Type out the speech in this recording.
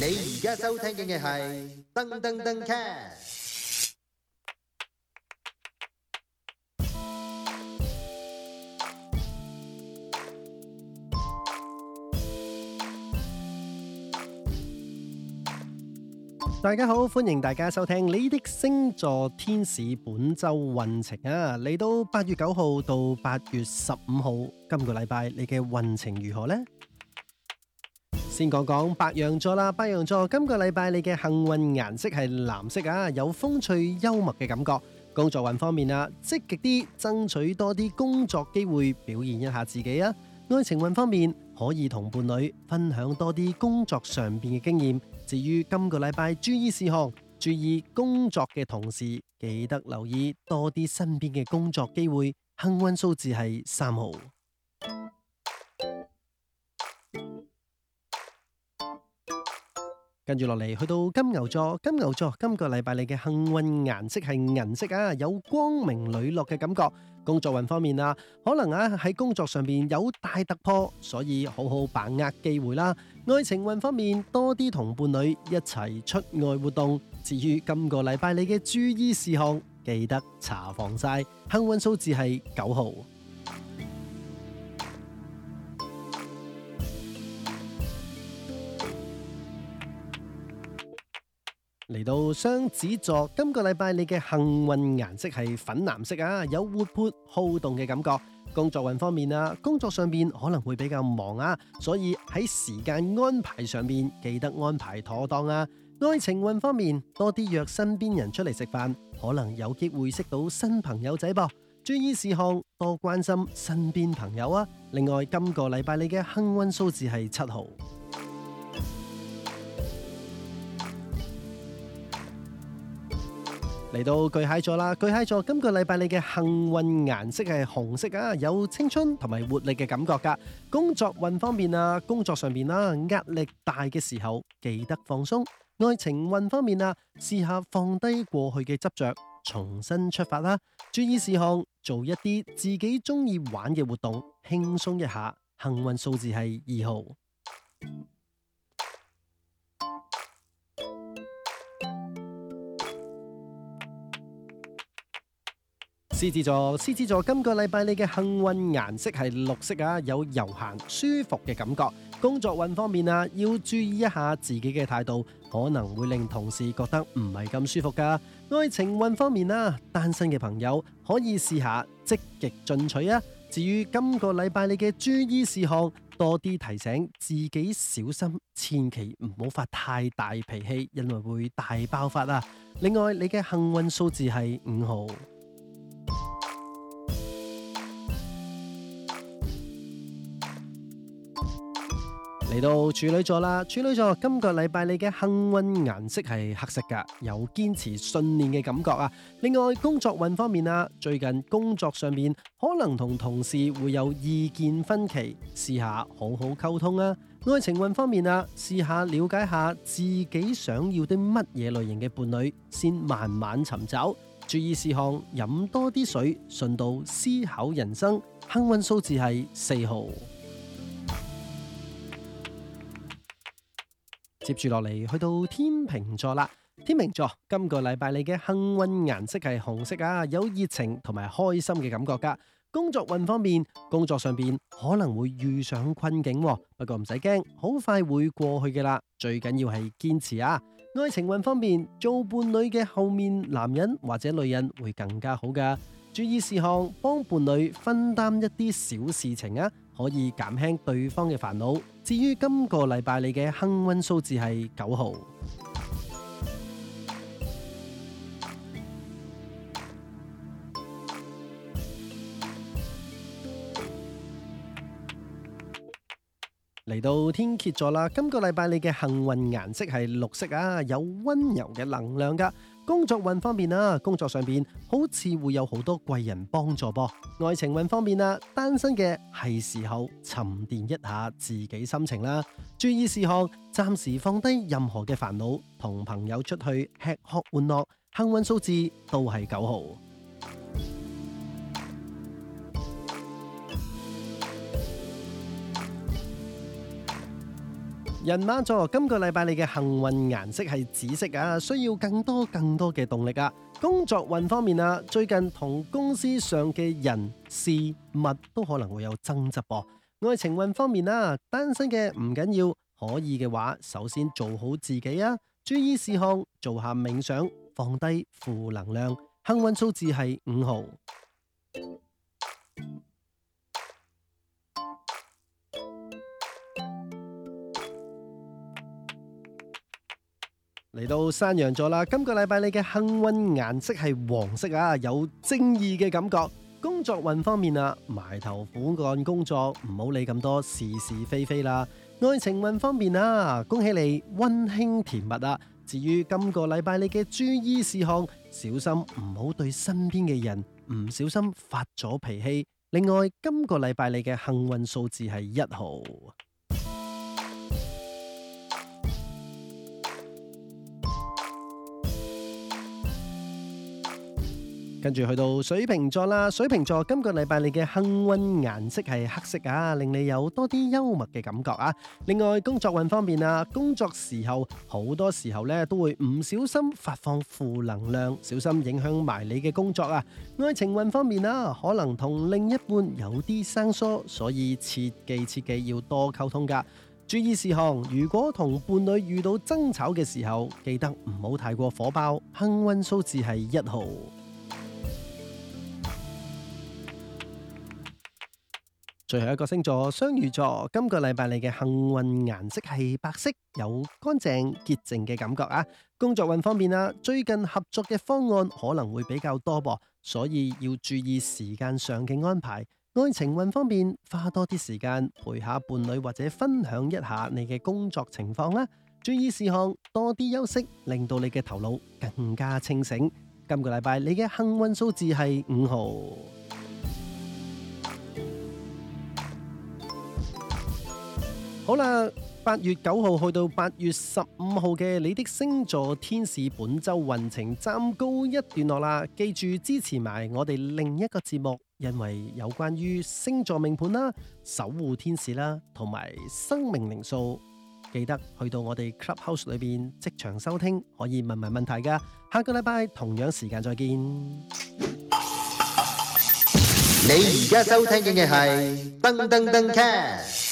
你而家收聽嘅係燈登登 cast。大家好，歡迎大家收聽你的星座天使本周運程啊！嚟到八月九號到八月十五號，今個禮拜你嘅運程如何呢？先講講白羊座啦，白羊座今個禮拜你嘅幸運顏色係藍色啊，有風趣幽默嘅感覺。工作運方面啊，積極啲，爭取多啲工作機會，表現一下自己啊。愛情運方面，可以同伴侶分享多啲工作上面嘅經驗。至於今個禮拜注意事項，注意工作嘅同時，記得留意多啲身邊嘅工作機會。幸運數字係三號。跟住落嚟，去到金牛座，金牛座今個禮拜你嘅幸運顏色係銀色啊，有光明磊落嘅感覺。工作運方面啊，可能啊喺工作上邊有大突破，所以好好把握機會啦。愛情運方面，多啲同伴侶一齊出外活動。至於今個禮拜你嘅注意事項，記得搽防曬。幸運數字係九號。嚟到雙子座，今個禮拜你嘅幸運顏色係粉藍色啊，有活潑好動嘅感覺。工作運方面啊，工作上面可能會比較忙啊，所以喺時間安排上面記得安排妥當啊。愛情運方面，多啲約身邊人出嚟食飯，可能有機會識到新朋友仔、啊、噃。注意事項，多關心身邊朋友啊。另外，今個禮拜你嘅幸運數字係七號。嚟到巨蟹座啦，巨蟹座今個禮拜你嘅幸運顏色係紅色啊，有青春同埋活力嘅感覺噶。工作運方面啊，工作上面啦，壓力大嘅時候記得放鬆。愛情運方面啊，試下放低過去嘅執着，重新出發啦。注意事項，做一啲自己鍾意玩嘅活動，輕鬆一下。幸運數字係二號。獅子座，獅子座今個禮拜你嘅幸運顏色係綠色啊，有悠閒舒服嘅感覺。工作運方面啊，要注意一下自己嘅態度，可能會令同事覺得唔係咁舒服㗎。愛情運方面啊，單身嘅朋友可以試下積極進取啊。至於今個禮拜你嘅注意事項，多啲提醒自己小心，千祈唔好發太大脾氣，因為會大爆發啊。另外，你嘅幸運數字係五號。嚟到處女座啦，處女座今個禮拜你嘅幸運顏色係黑色噶，有堅持信念嘅感覺啊。另外工作運方面啊，最近工作上面可能同同事會有意見分歧，試下好好溝通啊。愛情運方面啊，試下了解下自己想要啲乜嘢類型嘅伴侶，先慢慢尋找。注意事項：飲多啲水，順道思考人生。幸運數字係四號。接住落嚟，去到天秤座啦。天秤座今個禮拜你嘅幸運顏色係紅色啊，有熱情同埋開心嘅感覺噶。工作運方面，工作上邊可能會遇上困境喎，不過唔使驚，好快會過去嘅啦。最緊要係堅持啊。愛情運方面，做伴侶嘅後面男人或者女人會更加好噶。注意事項，幫伴侶分擔一啲小事情啊。可以減輕對方嘅煩惱。至於今個禮拜你嘅幸運數字係九號。嚟到天蠍座啦，今個禮拜你嘅幸運顏色係綠色啊，有溫柔嘅能量㗎。工作運方面啊，工作上邊好似會有好多貴人幫助噃。愛情運方面啊，單身嘅係時候沉澱一下自己心情啦。注意事項，暫時放低任何嘅煩惱，同朋友出去吃喝玩樂。幸運數字都係九號。人馬座，今個禮拜你嘅幸運顏色係紫色啊，需要更多更多嘅動力啊。工作運方面啊，最近同公司上嘅人事物都可能會有爭執噃啊。愛情運方面啊，單身嘅唔緊要，可以嘅話，首先做好自己啊，注意事項，做下冥想，放低負能量。幸運數字係五號。嚟到山羊座啦，今個禮拜你嘅幸運顏色係黃色啊，有正義嘅感覺。工作運方面啊，埋頭苦幹工作，唔好理咁多是是非非啦。愛情運方面啊，恭喜你，溫馨甜蜜啊。至於今個禮拜你嘅注意事項，小心唔好對身邊嘅人唔小心發咗脾氣。另外，今個禮拜你嘅幸運數字係一號。跟住去到水瓶座啦，水瓶座今個禮拜你嘅幸運顏色係黑色啊，令你有多啲幽默嘅感覺啊。另外工作運方面啊，工作時候好多時候咧都會唔小心發放負能量，小心影響埋你嘅工作啊。愛情運方面啊，可能同另一半有啲生疏，所以切記切記要多溝通㗎。注意事項：如果同伴侶遇到爭吵嘅時候，記得唔好太過火爆，幸運數字係一號。最後一個星座雙魚座，今個禮拜你嘅幸運顏色係白色，有乾淨潔淨嘅感覺啊。工作運方面，最近合作嘅方案可能會比較多噃，所以要注意時間上嘅安排。愛情運方面，花多啲時間陪下伴侶或者分享一下你嘅工作情況啦。注意事項，多啲休息，令到你嘅頭腦更加清醒。今個禮拜你嘅幸運數字係五號。好啦，八月九號去到八月十五號嘅你的星座天使本周運程，暫告一段落啦。記住支持埋我哋另一個節目，因為有關於星座命盤啦、守護天使啦同埋生命靈數，記得去到我哋 Club House 裏邊即場收聽，可以問埋問，問題㗎。下個禮拜同樣時間再見。你而家收聽嘅係噔噔噔 c